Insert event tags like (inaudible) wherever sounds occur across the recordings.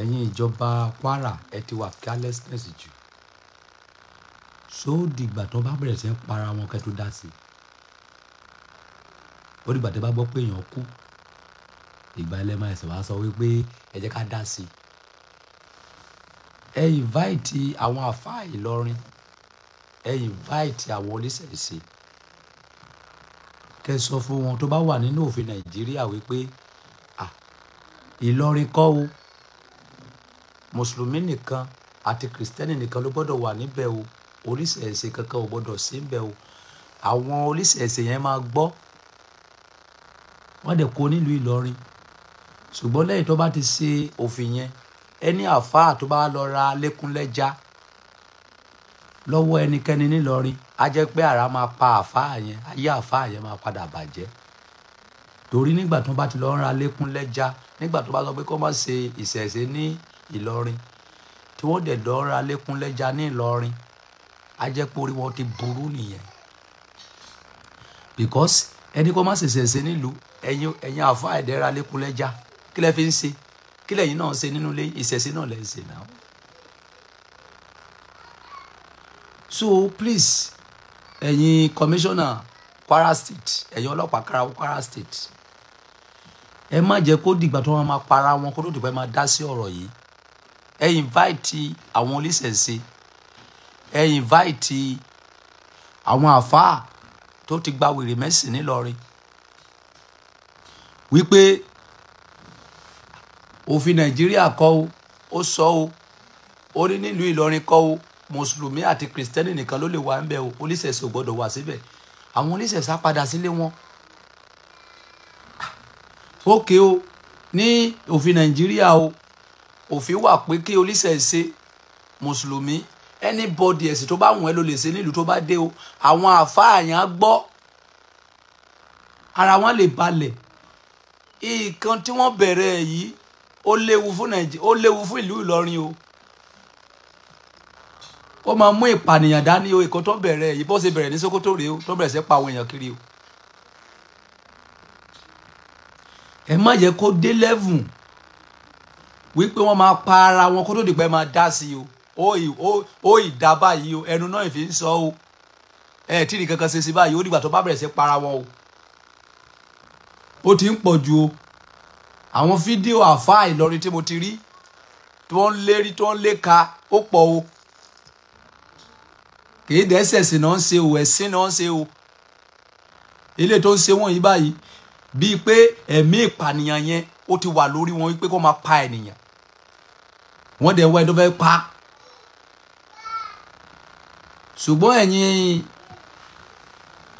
ẹ̀yin ìjọba kwara ẹ ti wà carelessness jù so dìgbà tó bá bẹ̀rẹ̀ sí ń para wọn kẹ́ tó dá sí ó dìgbà tó bá gbọ́ pé èèyàn kú ìgbà ilẹ̀ máa ṣe sọ wípé ẹ jẹ́ ká dá sí ẹ invite àwọn àfáà Ìlọrin ẹ invite àwọn oníṣẹ̀ṣe kẹ́ sọ fún wọn tó bá wà nínú òfin Nàìjíríà wípé Ìlọrin kọ́ o mùsùlùmí nìkan àti kìrìsìtẹ́nì nìkan ló gbọ́dọ̀ wà níbẹ̀ o oríṣiríṣi kankan ò gbọ́dọ̀ sí níbẹ̀ o àwọn oríṣiríṣi yẹn máa gbọ́ wọ́n dẹ̀ kó nílùú Ìlọrin ṣùgbọ́n lẹ́yìn tó bá ti ṣe òfin yẹn ẹni àfáà tó bá lọ ra lẹ́kúnlẹ́já lọ́wọ́ ẹnikẹ́ni nílọrin á jẹ́ pé àrà máa pa àfáà yẹn ayé àfáà yẹn máa padà bàjẹ́ torí nígbà tó bá ti lọ ń ra lẹ́kúnlẹ́já nígbà tó bá sọ pé kó má ṣe ìṣẹ̀ṣe ní ìlọrin tí wọ́n dẹ̀ dọ́ra lékún lẹ́ja ní ìlọrin á jẹ́ pé wọn ti burú nìyẹn because ẹni kó má ṣẹ̀ṣẹ̀ ṣe nílùú ẹ̀yin ẹ̀yin àfa ẹ̀dẹ́ra lékún lẹ́ja kí lẹ́ fi ń ṣe kí lẹ́yìn náà ṣe nínú ilé ìṣẹ̀ṣe náà lẹ́ ń ṣe náà. so please ẹ̀yin commissioner kwara state ẹ̀yin ọlọ́pàá kwara state ẹ má jẹ́ kó dìgbà tó wọn máa para wọn kó tó dìgbà máa dá sí ọ̀rọ̀ yìí ẹ invite àwọn oníṣẹ̀ṣe ẹ invite àwọn àfáà tó ti gba wèrè mẹ́sìn nílọrin wípé òfin nàìjíríà kọ́ o ó sọ o ó ní nílùú ìlọrin kọ́ o mùsùlùmí àti kìrìsìtẹ́nì nìkan ló lè wà ńbẹ̀ o oníṣẹ̀ṣe ò gbọ́dọ̀ wà síbẹ̀ àwọn oníṣẹ̀ṣe padà sílé wọn ókè ah, o ní òfin nàìjíríà o òfin wà pé kí oníṣẹ̀ṣe mùsùlùmí anybody ẹ̀sìn tó bá wùn ẹ́ ló lè ṣe nílùú tó bá dé o àwọn àfáàyàn gbọ́ ara wọn lè balẹ̀ nǹkan tí wọ́n bẹ̀rẹ̀ yìí ó léwu fún nàìjíríà ó léwu fún ìlú ìlọrin o ó máa mú ìpànìyàn dání o nǹkan tó bẹ̀rẹ̀ yìí bó ṣe bẹ̀rẹ̀ ní sokoto rèé o tó bẹ̀rẹ̀ sí pa àwọn èèyàn kiri o ẹ má yẹ kó dé lẹ́vùn wípé wọ́n máa pa ara wọn kó tó dìgbẹ́ máa dá sí o ó ìdá báyìí o ẹnu náà ìfi ń sọ o ẹ tí nìkan kan ṣe sí báyìí ó dìgbà tó bá bẹ̀rẹ̀ sí para wọn o ó ti ń pọ̀ ju o àwọn fídíò àfáà Ìlọrin tí mo ti rí tí wọ́n ń lérí tí wọ́n ń léka ó pọ̀ o kìí dẹ́sẹ̀ sí náà ń ṣe o ẹ̀sìn náà ń ṣe o ilé tó ń ṣe wọ̀nyí báyìí bíi pé ẹ̀mí ìpànìyàn yẹn ó ti wà lórí wọn wípé kó máa pa ènìyàn wọ́n dẹ̀ wá ẹni tó fẹ́ pa ṣùgbọ́n ẹ̀yin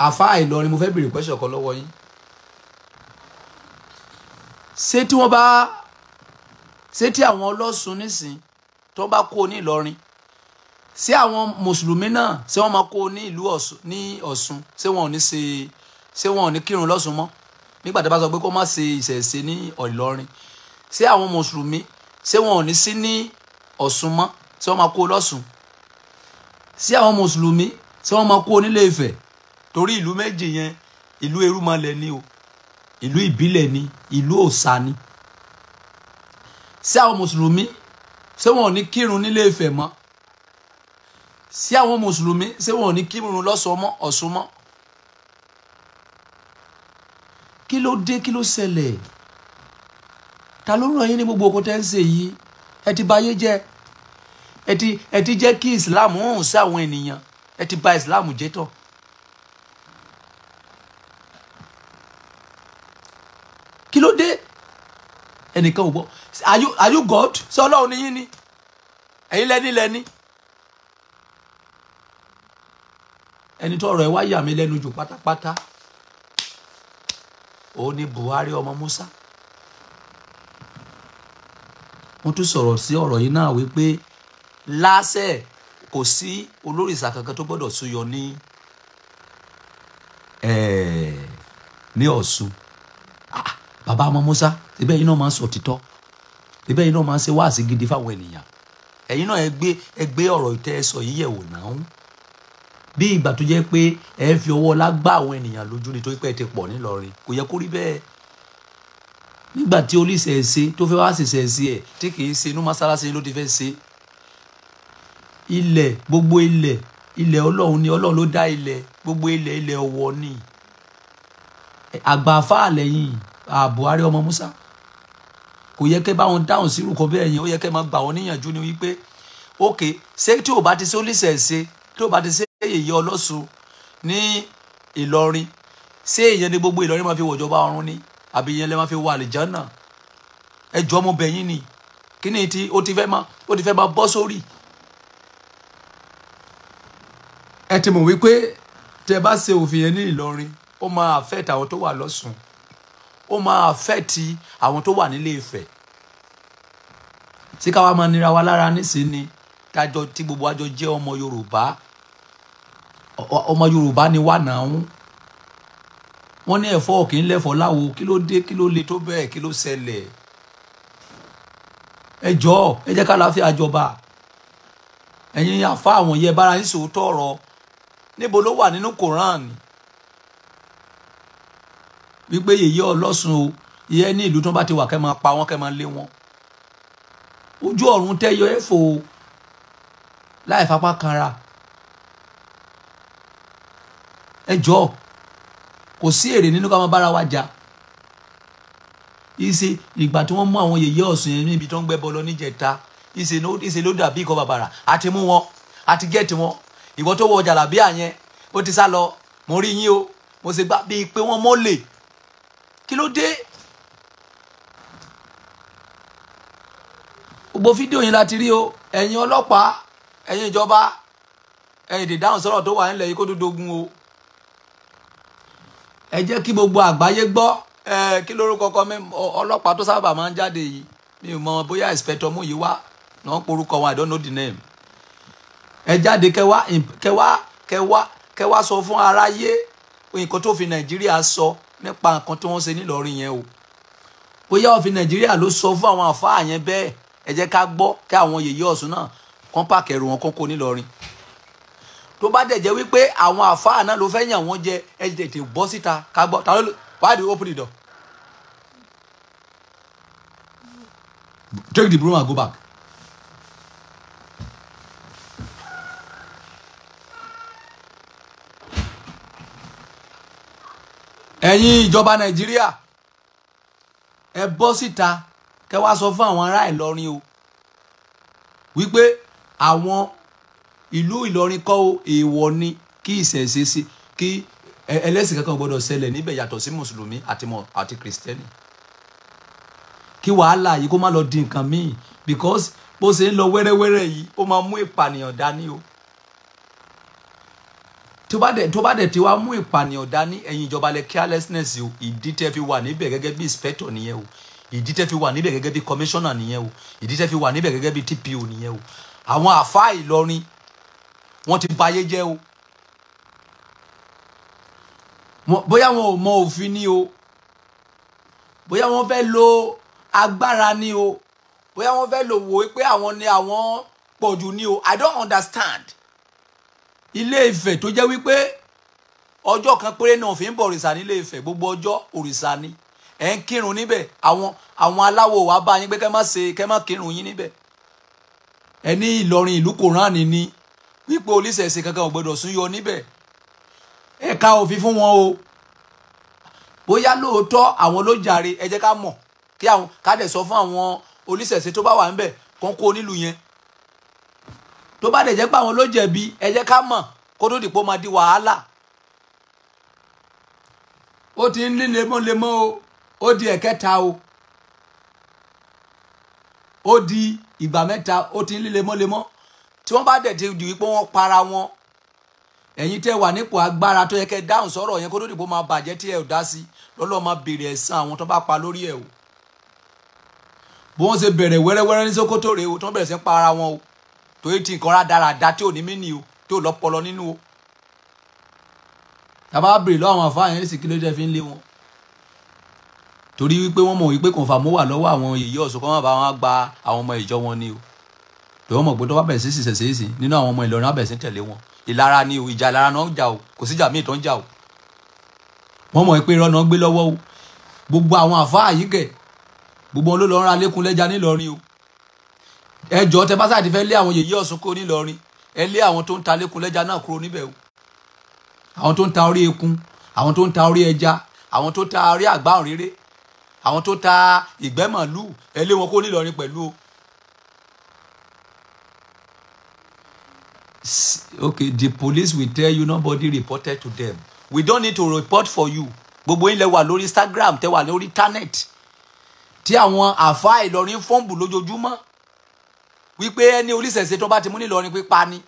afa Ìlọrin mo fẹ́ béèrè pẹ́sẹ̀ kan lọ́wọ́ yín ṣé tí wọ́n bá ṣé tí àwọn ọlọ́sùn nísìn tó bá kó ní Ìlọrin ṣé àwọn mùsùlùmí náà ṣé wọ́n máa kó ní ìlú ní Ọ̀ṣun ṣé wọ́n ò ní ṣe ṣé wọ́n ò ní kírun lọ́sùn mọ́ nígbà tó bá sọ pé kó má ṣe ìṣẹ̀ṣe ní Ìlọrin ṣé àwọn mùsùlùmí ṣé wọn ò ní sí ní Ọ̀ṣun mọ́ ṣé wọ́n máa kó lọ́sùn sí àwọn mùsùlùmí ṣé wọ́n máa kó onílé Ifẹ̀ torí ìlú méjì yẹn ìlú erúmọlẹ̀ ni o ìlú ìbílẹ̀ ni ìlú òòṣà ni sí àwọn mùsùlùmí ṣé wọn ò ní kírun nílé Ifẹ̀ mọ́ sí àwọn mùsùlùmí ṣé wọn ò ní kírun lọ́sọ̀ọ́ mọ́ Ọ̀ṣun mọ́ kí ló dé kí ló ṣẹlẹ̀ ta ló ràn yín ní gbogbo oko tẹ́ ń ṣe yìí ẹ ti bà ayé jẹ́ ẹ ti ẹ ti jẹ́ kí islam hàn sí àwọn ènìyàn ẹ ti bà islam jẹ́ tán. kí ló dé ẹnìkan ò gbọ́ are you are you God ṣé ọlọ́run ni yín ni ẹ̀yin lẹ́ni lẹ́ni. ẹni tó ọ̀rọ̀ ẹ wá yà mí lẹ́nu jù pátápátá òun ni Buhari ọmọ Musa mo tún sọ̀rọ̀ sí ọ̀rọ̀ yìí náà wípé láṣẹ kò sí olórìṣà kankan tó gbọ́dọ̀ súyọ ní ní Ọ̀ṣun ah, bàbá ọmọ Musa ibẹ̀ yìí náà máa ń sọ títọ́ ibẹ̀ yìí náà máa ń ṣe wáàsí gidi fáwọn ènìyàn ẹ̀yin náà ẹ gbé ẹ gbé ọ̀rọ̀ ìtẹ́ ẹ sọ yìí yẹ̀wò náà bí ìgbà tó jẹ́ pé ẹ fi ọwọ́ lágbá àwọn ènìyàn lójú nítorí pé ẹ ti pọ̀ nílọrin kò yẹ kó rí bẹ́ẹ̀ nígbà tí olùsẹ̀ ṣe tó fẹ́ wá ṣẹ̀ṣẹ̀ ṣe ẹ̀ tí kì í ṣe inú mọ́sálásí ló ti fẹ́ ṣe ilẹ̀ gbogbo ilẹ̀ ilẹ̀ ọlọ́run ni ọlọ́run ló dá ilẹ̀ gbogbo ilẹ̀ ilẹ̀ ọ̀wọ̀ ni àgbà afáàlẹ́yìn Buhari ọmọ Musa kò yẹ kẹ́ báwọn dáhùn sí irúkọ bẹ́ẹ̀ yẹn ó yẹ kẹ́ máa gbà wọ́n níyànjú ni wípé ok ṣé tí ò bá ti ṣe olùsẹ̀ tí ò bá ti ṣe èyí ọlọ́sùn ní Ìlọrin ṣé èyàn ni gbogbo Ìlọrin máa fi wọ̀jọba ọ̀run ni àbí yẹn lè máa fi wọ àlìjánà ẹ ọmọ bẹ̀yìn ni kí ni ti ó ti fẹ́ máa ó ti fẹ́ máa bọ́ sórí. ẹ ti mọ̀ wípé tẹ bá ṣe òfin yẹn ní Ìlọrin ó máa affect àwọn tó wà lọ́sùn ó máa affect àwọn tó wà nílé Ifẹ̀ tí káwa máa nira wa lára nísìnyí ni tájọ tí gbogbo àjọ jẹ́ ọmọ Yorùbá ọmọ Yorùbá ni wà náà ń wọ́n ní ẹ̀fọ́ kì í lẹ́fọ́ láwo kí ló dé kí ló le tó bẹ́ẹ̀ kí ló ṣẹlẹ̀ ẹ jọ ẹ jẹ́ ká láfíà jọba ẹ̀yin àfa àwọn yẹn bára yín sòótọ́ ọ̀rọ̀ níbo ló wà nínú Quran wípé yèyé ọlọ́sùn o ìyẹn ní ìlú tó bá ti wà kẹ́ máa pa wọ́n kẹ́ máa lé wọn ojú ọ̀run tẹ́yọ ẹ̀fọ́ láì fapá kanra ẹ jọ̀ọ́ kò sí èrè nínú ká máa bára wa jà ìṣe ìgbà tí wọ́n mú àwọn yèyé ọ̀sùn yẹn níbi tó ń gbẹ́ bọ́lọ́ níjẹta ìṣe ló dàbí ìkọ́ bàbàrà àti mú wọn àti gẹ́ẹ̀tì wọn ìwọ tó wọ ọjà làbí àyẹn ó ti sá lọ mo rí yín o mo sì gbà bíi pé wọ́n mọ́lẹ̀ kí ló dé gbogbo fídíò yín láti rí o ẹ̀yin ọlọ́pàá ẹ̀yin ìjọba ẹ̀yin ìdìdáhùn sọ̀rọ̀ tó wà nílẹ̀ yìí kó tó dogun o ẹ jẹ́ kí gbogbo àgbáyé gbọ́ kí lórúkọ kan ọlọ́pàá tó sábà máa ń jáde yìí mi ò mọ bóyá inspector mú yìí wá náà porúkọ wọn I don't know the name ẹ jáde kẹwàá kẹwàá kẹwàá kẹwàá sọ fún aráyé nǹkan tó fi Nàìjíríà sọ nípa nǹkan tí wọ́n ṣe nílọrin yẹn o bóyá òfin Nàìjíríà ló sọ fún àwọn àfáà yẹn bẹ́ẹ̀ ẹ jẹ́ ká gbọ́ kí àwọn yèyé Ọ̀ṣun náà kán pàkẹ́rù wọn kán nílọrin tó bá dẹ̀ jẹ́ wípé àwọn àfáà náà ló fẹ́ yàn wọ́n jẹ ẹ tètè bọ́ síta ká gbọ́ ta ló lè why do you open the door take the broom and go back. ẹ̀yin ìjọba nàìjíríà ẹ bọ́ síta kẹ́ wá sọ fún àwọn ará ìlọrin o wípé àwọn ìlú Ìlọrin kọ́ o èèwọ̀ ni kí ìṣẹ̀ṣe sí kí ẹlẹ́sìn kankan gbọ́dọ̀ ṣẹlẹ̀ níbẹ̀ yàtọ̀ sí mùsùlùmí àti kìrìsìtẹ́nì kí wàhálà yìí kó má lọ di nǹkan míì because bó ṣe ń lọ wẹ́rẹ́wẹ́rẹ́ yìí ó máa mú ìpànìyàn dání o tó bá dẹ̀ tó bá dẹ̀ ti wá mú ìpànìyàn dání ẹ̀yin ìjọba lẹ carelessness o ìdí tẹ́ fi wà níbẹ̀ gẹ́gẹ́ bí inspector nìyẹn o ìdí tẹ́ fi wà níbẹ̀ gẹ́gẹ́ bí commissioner nìyẹn o ìdí tẹ́ fi wà níbẹ̀ gẹ́gẹ́ bí TPO nìyẹn o àwọn àfáà Ìlọrin wọ́n ti bayé jẹ́ o bóyá wọn ò mọ òfin ni o bóyá wọ́n fẹ́ lo agbára ni o bóyá wọ́n fẹ́ lò wò pé àwọn ni àwọn pọ̀jù ni o I don't understand Ilé Ifẹ̀ tó jẹ́ wípé ọjọ́ kan péré náà fi ń bọ òrìṣà nílé Ifẹ̀ gbogbo ọjọ́ òrìṣà ni ẹ ń kírun níbẹ̀ àwọn àwọn aláwo wa bá yín pé kẹ́ má ṣe kẹ́ má kírun yín níbẹ̀ ẹ ní Ìlọrin ìlú Kòránì ni wípé olùsẹ̀sẹ̀ kankan ò gbọdọ̀ sún yọ níbẹ̀ ẹ̀ka òfin fún wọn o bóyá lóòótọ́ àwọn ló jàre ẹ jẹ́ ká mọ̀ kí àwọn ká dẹ̀ sọ fún àwọn olùsẹ̀sẹ̀ tó bá wà ńbẹ̀ kàn kó nílùú yẹn tó bá dẹ̀ pé àwọn ló jẹ̀bi ká mọ̀ kó tó dìpọ́ máa di wàhálà ó ti ń lé lemọ́lemọ́ o ó di ẹ̀kẹta o ó di ìgbà mẹ́ta ó ti ń lé lemọ́lemọ́ tí wọ́n bá dẹ̀ ti di wípé wọ́n para wọn ẹ̀yin tẹ́ wà nípò agbára tó yẹ kẹ́ dáhùn sọ̀rọ̀ yẹn kó tó dìbò máa bàjẹ́ tí ẹ ò dá sí lọ́lọ́ máa béèrè ẹ̀san àwọn tó bá pa lórí ẹ̀ o bí wọ́n ṣe bẹ̀rẹ̀ wẹ́rẹ́wẹ́rẹ́ ní Sókótó rèé o tó ń bẹ̀rẹ̀ sí ń para wọn o tó yẹ ti nǹkan rádaràda tí ò ní mí ni o tí ò lọ́pọlọ nínú o tàbá béèrè lọ́wọ́ àwọn àfáà yẹn ní sìkìlẹ́ jẹ́ fi ń lé wọn torí wípé wọ́n mọ̀ wípé lọ́wọ́ mọ̀ gbọ́dọ̀ wá bẹ̀rẹ̀ sí ṣiṣẹ́ ṣeéṣe nínú àwọn ọmọ Ìlọrin abẹ̀rẹ̀ sí tẹ̀lé wọn ìlara ni o ìjà ìlara náà ń jà o kò síjà míì tó ń jà o wọ́n mọ̀ pé irọ́ gbé lọ́wọ́ o gbogbo àwọn àfáà yìí kẹ̀ gbogbo wọn ló lọ́ọ́ ra lékun lẹ́ja nílọrin o ẹjọ́ tẹ bá sáà ti fẹ́ lé àwọn yèyí Ọ̀ṣun kó nílọrin ẹ lé àwọn tó ń ta lékun lẹ́ja náà kúrò níbẹ̀ o àwọn tó ń ta orí ekun àwọn ta orí ẹja àwọn tó ń ta orí o okay the police will tell you nobody reported to them we don't need to report for you gbogbo yín lẹ wà lórí instagram tẹ wà lórí internet tí àwọn àfa ìlọrin fọ́ǹbù lójoojúmọ́ wípé ẹni oníṣẹ̀ṣe tó bá ti mú nílọrin pípa ni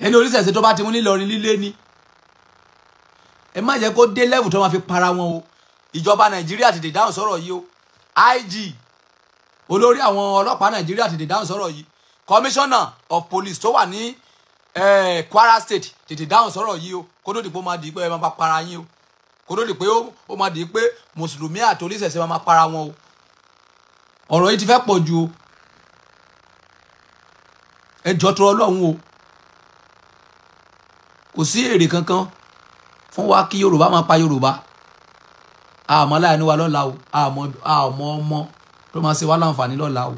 ẹni oníṣẹ̀ṣe tó bá ti mú nílọrin lílé ni ẹ má jẹ́ kó dé level tó máa fi para wọn o ìjọba nàìjíríà tètè dáhùn sọ̀rọ̀ yìí o IG olórí àwọn ọlọ́pàá nàìjíríà tètè dáhùn sọ̀rọ̀ yìí commissioner of police tó wà ní Kwara state tètè dáhùn sọ̀rọ̀ yìí o kó tó di pé ó máa di pé ẹ máa para yín o kó tó di pé ó máa di pé mùsùlùmí àti oníṣẹ̀ṣẹ̀ máa para wọn o ọ̀rọ̀ yìí ti fẹ́ pọ̀ ju o ẹ tó ọlọ́run o kò sí èrè kankan fún wa kí Yorùbá máa pa Yorùbá àmọ́ láàánú wa lọ́la o àmọ́ ọmọ tó máa ṣe wá láǹfààní lọ́la o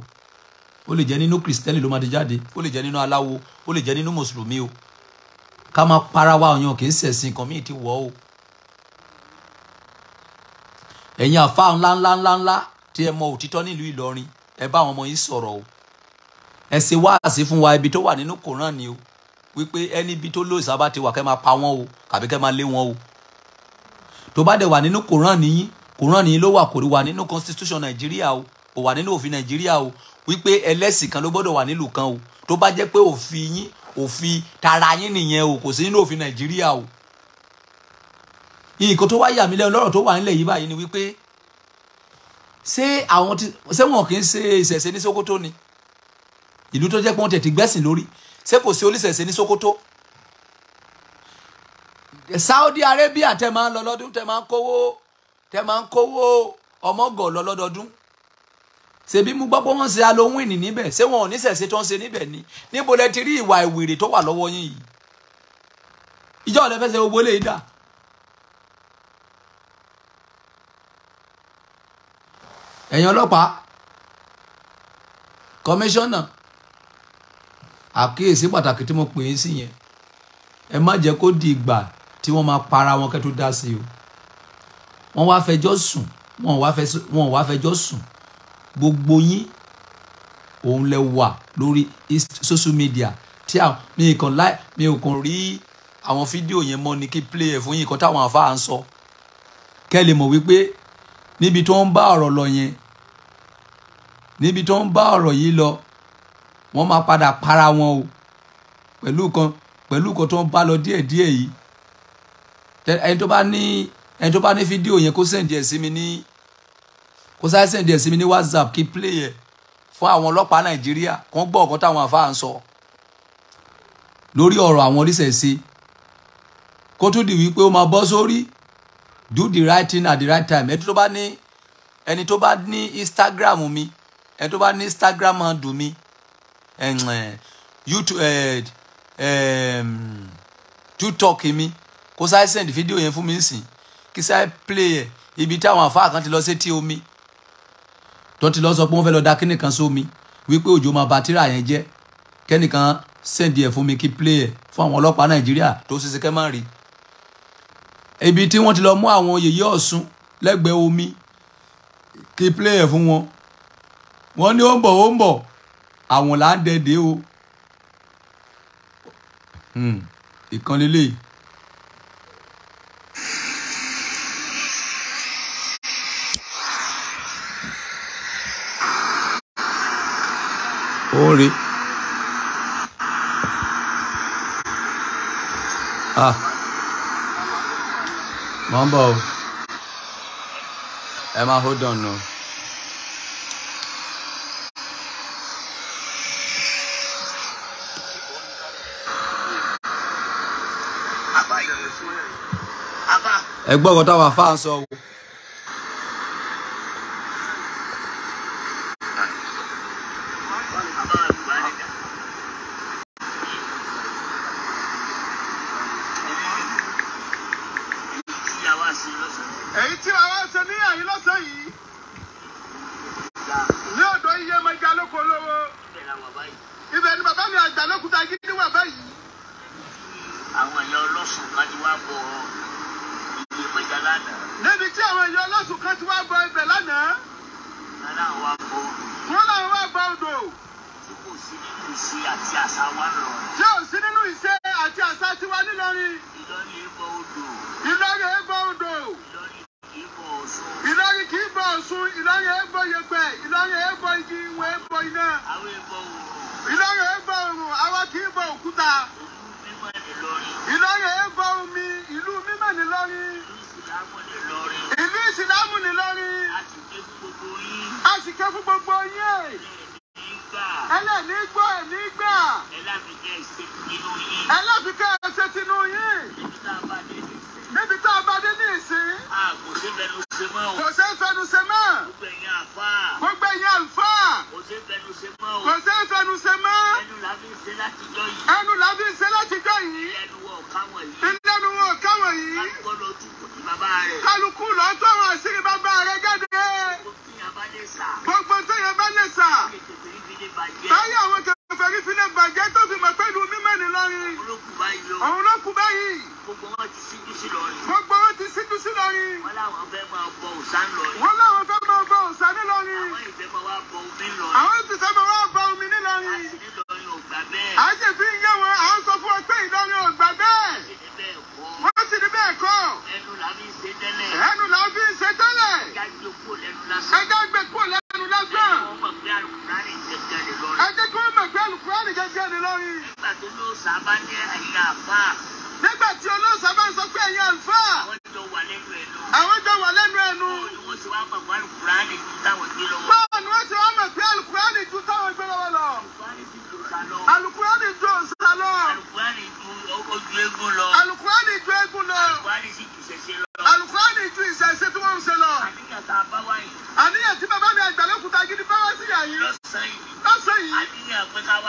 ó lè jẹ́ nínú kristẹni ló máa ti jáde ó lè jẹ́ nínú aláwo ó lè jẹ́ nínú mùsùlùmí o ká máa para wa ọyàn kì í ṣẹ̀sìn kan míì ti wọ̀ o. ẹ̀yin àfa ńláńláńláńlá tí ẹ mọ òtítọ́ nílùú Ìlọrin ẹ bá àwọn ọmọ yìí sọ̀rọ̀ o ẹ ṣe wáàsí fún wa ibi tó wà nínú kòrán ni o wípé ẹni ibi tó lóòsà bá ti wà kẹ́ máa pa wọ́n o kàbí kẹ́ máa lé wọn o tó bá dẹ̀ wà nínú kòrán nìyí kòrán nìyí ló wà kò wà nínú constitution Nàìjíríà o ò wà nínú òfin Nàìjíríà o wípé ẹlẹ́sìn kan ló gbọ́dọ̀ wà nílùú kan o tó bá jẹ́ pé òfin yín òfin tara yín nìyẹn o kò sí nínú òfin nàìjíríà o nǹkan tó wá yà mí lẹ́nu lọ́rọ̀ tó wà nílẹ̀ yìí báyìí ni wípé ṣé àwọn ti ṣé wọn kì í ṣe ìṣẹ̀ṣe ní Sókótó ni ìlú tó jẹ́ pé wọ́n tẹ̀ ti gbẹ́sìn lórí ṣé kò sí oníṣẹ̀ṣe ní Sókótó Saudi Arabia tẹ máa ń lọ lọ́dún tẹ máa ń kówó tẹ máa ń kówó ọmọgọ̀ lọ lọ́dọọdún Sebi mo gbọ́ pé wọ́n ṣe halloween níbẹ̀ ṣé wọn ò ní ṣẹ̀ṣẹ̀ tó ń ṣe níbẹ̀ ni níbo lẹ ti rí ìwà ìwèrè tó wà lọ́wọ́ yín yìí ìjọ ọ̀lẹ́ fẹ́ ṣe gbogbo lè dà ẹ̀yin ọlọ́pàá kọmíṣánná àkíyèsí pàtàkì tí mo pè é sí yẹn ẹ má jẹ́ kó di ìgbà tí wọ́n máa para wọn kẹ́ tó dá sí o wọ́n wá fẹjọ́ sùn wọ́n wá fẹjọ́ sùn gbogbo yín òun lẹ wà lórí social media tí àwọn mi kàn láì mi ò kàn rí àwọn fídíò yẹn mọ́ ni kí play ẹ̀ fún yín kan táwọn àfáà ń sọ kẹ́ lè mọ̀ wípé níbi tó ń bá ọ̀rọ̀ lọ yẹn níbi tó ń bá ọ̀rọ̀ yìí lọ wọ́n máa padà para wọn o pẹ̀lú kan pẹ̀lú kan tó ń bá lọ díẹ̀díẹ̀ yìí ẹni tó bá ní ẹni tó bá ní fídíò yẹn kó sẹ̀ǹdì ẹ̀ sí mi ní kó sáré sẹ́ndì ẹ̀ sí mi ní whatsapp kí n play ẹ̀ fún àwọn ọlọ́pàá nàìjíríà kó gbọ́ ọ̀kan táwọn àfáà ń sọ lórí ọ̀rọ̀ àwọn oníṣẹ̀ṣe kó tún di wípé ó máa bọ́ sórí do the right thing at the right time ẹni tó bá ní ẹni tó bá ní instagram mi ẹni tó bá ní instagram handle mi youtube talk mi kó sáré sẹ́ndì fídíò yẹn fún mi sìn kí sáré play ẹ̀ ibi táwọn àfáà kan ti lọ sí tí omi tó ti lọ sọ pé wọ́n fẹ́ lọ da kíní kan sómi wípé òjò máa ba tírà yẹn jẹ́ kẹ́nìkan sẹ́ǹdì ẹ̀ fún mi kí play ẹ̀ fún àwọn ọlọ́pàá nàìjíríà tó ṣiṣẹ́ kẹ́ máa rí ibi tí wọ́n ti lọ mú àwọn yèyé ọ̀ṣun lẹ́gbẹ̀ẹ́ omi kí play ẹ̀ fún wọn wọ́n ní ó ń bọ̀ ó ń bọ̀ àwọn là ń dẹ̀dẹ̀ o hmm, ìkànnì lélẹ́yìí orí. ah mọ̀ ń bọ̀ o ẹ máa hold on o. ẹ gbọ́ ọ̀gọ́ táwọn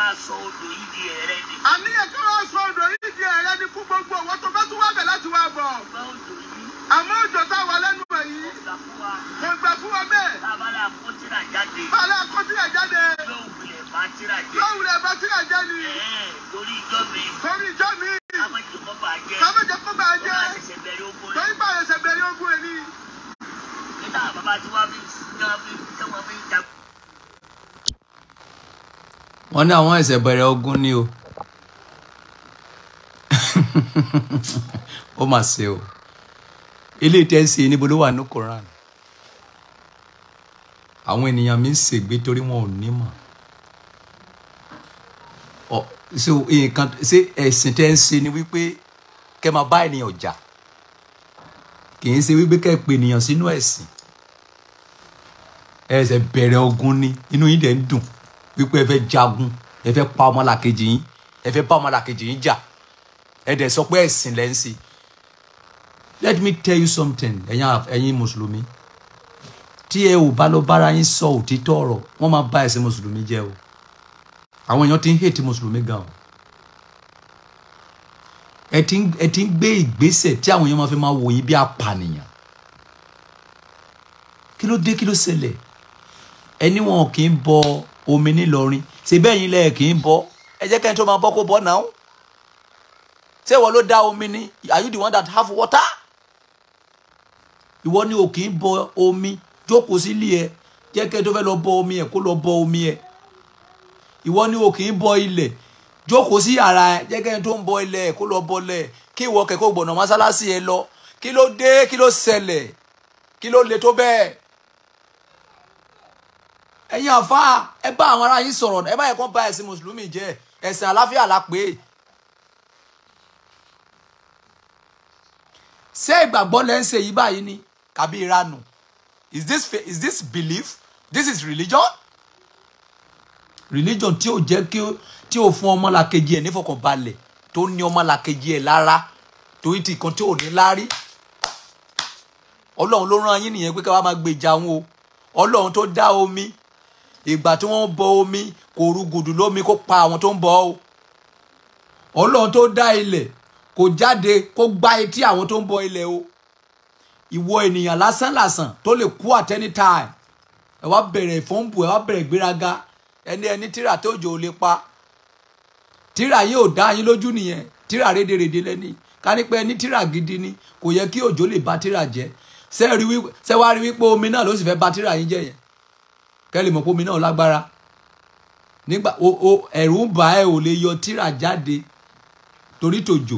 máa sọ odò yìí di ẹ̀rẹ́ ni. àníyàn ká máa sọ odò yìí di ẹ̀rẹ́ ni fún gbogbo ọwọ́ tó fẹ́ tún wá bẹ̀ láti wá bọ̀. àmọ́ òjò tá a wà lẹ́nu ẹ̀ yìí. mo gbà fún wa bẹ́ẹ̀. bàbá la kó tíra jáde. bàbá la kó tíra jáde. lóòwùlẹ̀ bá tíra jẹ́ ni. wọ́n ní àwọn ẹ̀sẹ̀ bẹ̀rẹ̀ ogun ni o ó mà ṣe o ilé tẹ́sí níbo ló wà ní Koran àwọn ènìyàn mi ń ṣègbé torí wọn ò ní mọ̀ ọ ṣe nǹkan ṣe ẹ̀sìn tẹ́ ń ṣe ni wípé kẹ́ máa bá ènìyàn jà kì í ṣe wípé kẹ́ pè ènìyàn sínú ẹ̀sìn ẹ̀sẹ̀ bẹ̀rẹ̀ ogun ni inú yín dẹ̀ ń dùn wípé ẹ fẹ́ jagun ẹ fẹ́ pa ọmọlàkejì yín ẹ fẹ́ bá ọmọlàkejì yín jà ẹ dẹ̀ sọ pé ẹ̀sìn lẹ́ ń ṣe. let me tell you something ẹ̀yin ẹ̀yin mùsùlùmí tí ẹ ò bá lọ bára yín sọ òtítọ́ ọ̀rọ̀ wọ́n máa bá ẹ̀sìn mùsùlùmí jẹ́ o àwọn èèyàn ti ń hate mùsùlùmí gan o ẹ ti ń ẹ ti ń gbé ìgbésẹ̀ tí àwọn èèyàn máa fi máa wò yín bí apànìyàn kí ló dé kí ló ṣẹlẹ̀ ẹni wọn kì í bọ omi ńìlọrin ṣe bẹ́ẹ̀ yín lẹ́yìn kì í bọ́ ẹ jẹ́ kẹ́ni tó máa bọ́ kó bọ́ náà ṣé ìwọ ló dá omi ni are you the one that have water ìwọ ni ò kì í bọ omi jókòó sílé ẹ jẹ́ kẹ́ni tó fẹ́ lọ bọ omi ẹ kó lọ bọ omi ẹ ìwọ ni ò kì í bọ ilẹ̀ jókòó sí ara ẹ jẹ́ kẹ́ni tó ń bọ ilẹ̀ ẹ kó lọ bọ ilẹ̀ kí ìwọ kẹ́kọ̀ọ́ gbọ̀nà mọ́sálásí ẹ lọ kí ló dé kí ló ṣẹlẹ̀ kí ló le tó bẹ́ẹ̀ ẹ̀yin àfa ẹ bá àwọn ará yín sọ̀rọ̀ ẹ bá yẹ kán ba ẹ̀sìn mùsùlùmí jẹ́ ẹ̀sìn àlàáfíà la ṣé ìgbàgbọ́ lẹ́ ń ṣe yìí báyìí ni kàbí ìranù is this is this belief this is religion religion tí ò jẹ́ kí tí ò fún ọmọlàkejì ẹ̀ nífọ̀kànbalẹ̀ tó ní ọmọlàkejì ẹ̀ lára torí ti kan tí ò ní láárí ọlọ́run ló rán yín nìyẹn pé ká máa gbèjà wọn o ọlọ́run tó dá omi ìgbà tí wọ́n ń bọ omi kò rúgùdù lómi kó pa àwọn tó ń bọ ọ́ ọlọ́run tó dá ilẹ̀ kò jáde kó gbá etí àwọn tó ń bọ ilẹ̀ o ìwọ ènìyàn lásán lásán tó lè kú at any time ẹ wá bẹ̀rẹ̀ ìfọ́nbù ẹ wá bẹ̀rẹ̀ ìgbéraga ẹni ẹni tíra tó jò lè pa tíra yìí ò dá yín lójú nìyẹn tíra rédèrèdè lẹ́ni ká ní pé ẹni tíra gidi ni kò yẹ kí òjò lè bà tíra jẹ́ ṣé wàá rí wípé omi náà ló sì fẹ́ bà tíra yín jẹ́ yẹn kẹ́lì mọ̀ pé omi náà lágbára nígbà o o ẹ̀rù ń bà ẹ́ ò lè yọ tírà jáde torí tòjò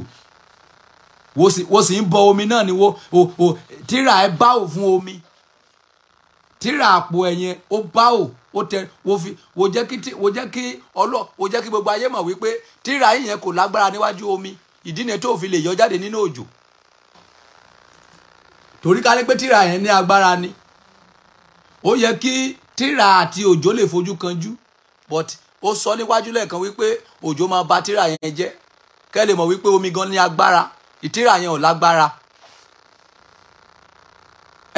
wo sì ń bọ omi náà ni wo o o tírà ẹ bá ò fún omi tírà àpò ẹ̀yẹn ó bá ò ó tẹ wo fi wo jẹ́ kí tí wo jẹ́ kí ọlọ́ wo jẹ́ kí gbogbo ayé mọ̀ wípé tírà yìí yẹn kò lágbára níwájú omi ìdí ni tó fi lè yọ jáde nínú òjò torí ká lè pé tírà yẹn ní agbára ni ó yẹ kí tíra àti òjò lè fojú kanjú but ó sọ níwájú lẹ́ẹ̀kan wípé òjò máa bà tíra yẹn jẹ́ kẹ́ lè mọ̀ wípé omi gan ní agbára ìtíra yẹn ò lágbára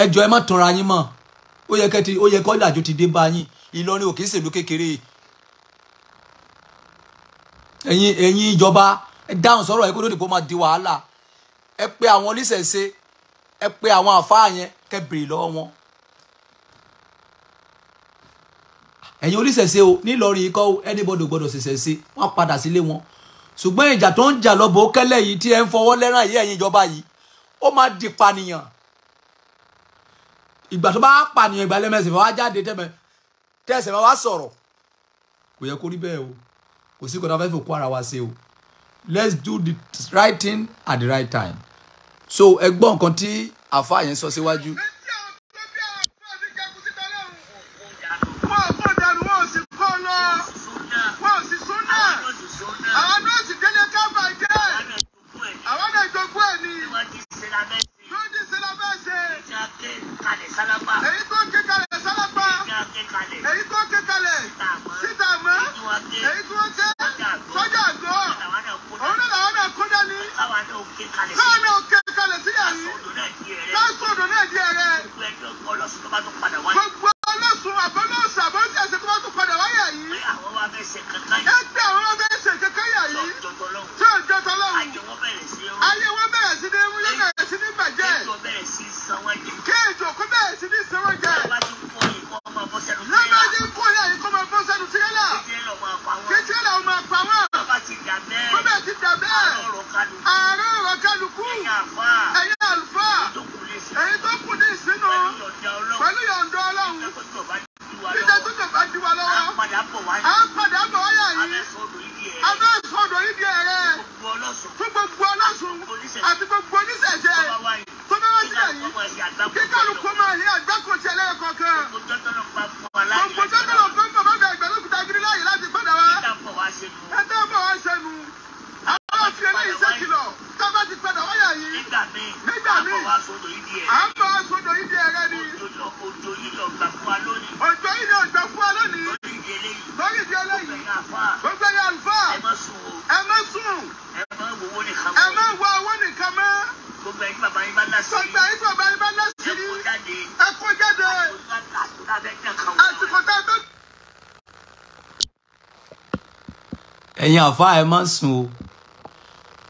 ẹjọ ẹ má tanra yín mọ́ ó yẹ kẹ́tì ó yẹ kọ́dàjú ti dé bá yín Ìlọrin ò kì í ṣèlú kékeré ẹ̀yin ẹ̀yin ìjọba ẹ dáhùn sọ̀rọ̀ ẹ kó lóde kó máa di wàhálà ẹ pé àwọn oníṣẹ̀ṣe ẹ pé àwọn àfáà yẹn kẹ́ bèrè lọ́wọ́ wọn ẹ̀yin oníṣẹ̀ṣe o nílọrin ikọ́ o anybody gbọ́dọ̀ ṣẹ̀ṣẹ̀ṣe wọ́n padà sílé wọn ṣùgbọ́n ìjà tó ń jà lọ́bọ̀ kẹ́lẹ́ yìí tí ẹ ń fọwọ́ lẹ́ràn yìí ẹ̀yin ìjọba yìí ó máa di pànìyàn ìgbà tó bá pànìyàn ìgbà lẹ́mẹ̀sìn wá jáde tẹ́mẹ̀ tẹ́sẹ̀ wá sọ̀rọ̀ kò yẹ kó rí bẹ́ẹ̀ o kò sí kọ́ta fẹ́ẹ́ fi kó ara wa ṣe o let's do the right thing at the right time so ẹ gbọ́ nǹkan tí àfa yẹn sọ síwájú. àwọn nọ́ọ̀sì délé ká bàjẹ́ àwọn náà gbogbo ẹ̀ ni lójú sí lábẹ́ ṣe èyí tó ké kalẹ̀ sálábà èyí tó ké kalẹ̀ síta mọ́ èyí tó ké sọ́jà àgọ́ òun náà làwọn náà kó dání káwọn náà ké kalẹ̀ sílẹ̀ yìí láti ọ̀dọ̀ náà di ẹ̀rẹ́ gbogbo ọlọ́sùn àbọ̀lọ́sùn àbọ̀jẹ̀sẹ̀ tó bá tún padà wáyà yìí ẹgbẹ́ àwọn ọmọ yìí tí ò jọ tọ́lọ́hún ayé wọn bẹ̀rẹ̀ sí ní wúlé bẹ̀rẹ̀ sí ní bàjẹ́ kí ètò kó bẹ̀rẹ̀ sí ní sanwó jẹ lọ́mọdé ń kó yẹ kó máa bọ́ sẹ́nu tírélà kí tírélà ó máa ẹ̀yin àfa ẹ má sùn o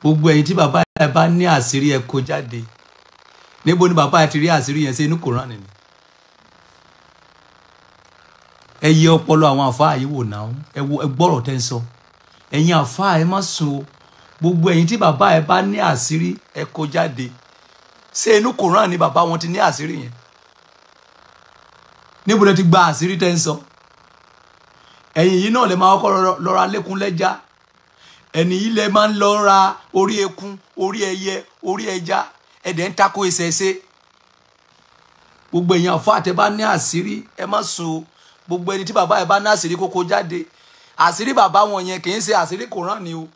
gbogbo ẹ̀yin tí bàbá ẹ bá ní àṣírí ẹ kó jáde níbo ni bàbá ẹ ti rí àṣírí yẹn ṣe inú koran nìyí ẹ yẹ ọpọlọ àwọn àfa yìí wò náà ẹ wo ẹ gbọ́rọ̀ tẹ́ ń sọ ẹ̀yin àfa ẹ má sùn o gbogbo ẹ̀yin tí bàbá ẹ bá ní àṣírí ẹ kó jáde ṣé inú koran ni bàbá wọn ti ní àṣírí yẹn níbo lẹ ti gba àṣírí tẹ́ ń sọ ẹ̀yin yìí náà lè máa kọ́ lọ́ra lékún lẹ́jà ẹni yìí lẹ máa ń lọ ra orí ekun orí ẹyẹ orí ẹja ẹdẹ ń tako ìṣẹ̀ṣe gbogbo èèyàn fún àtẹ bá ní àṣírí ẹ má sùn o gbogbo ẹni tí bàbá ẹ bá ní àṣírí kókó jáde àṣírí bàbá wọn yẹn kì ṣe àṣírí Kùránì ni o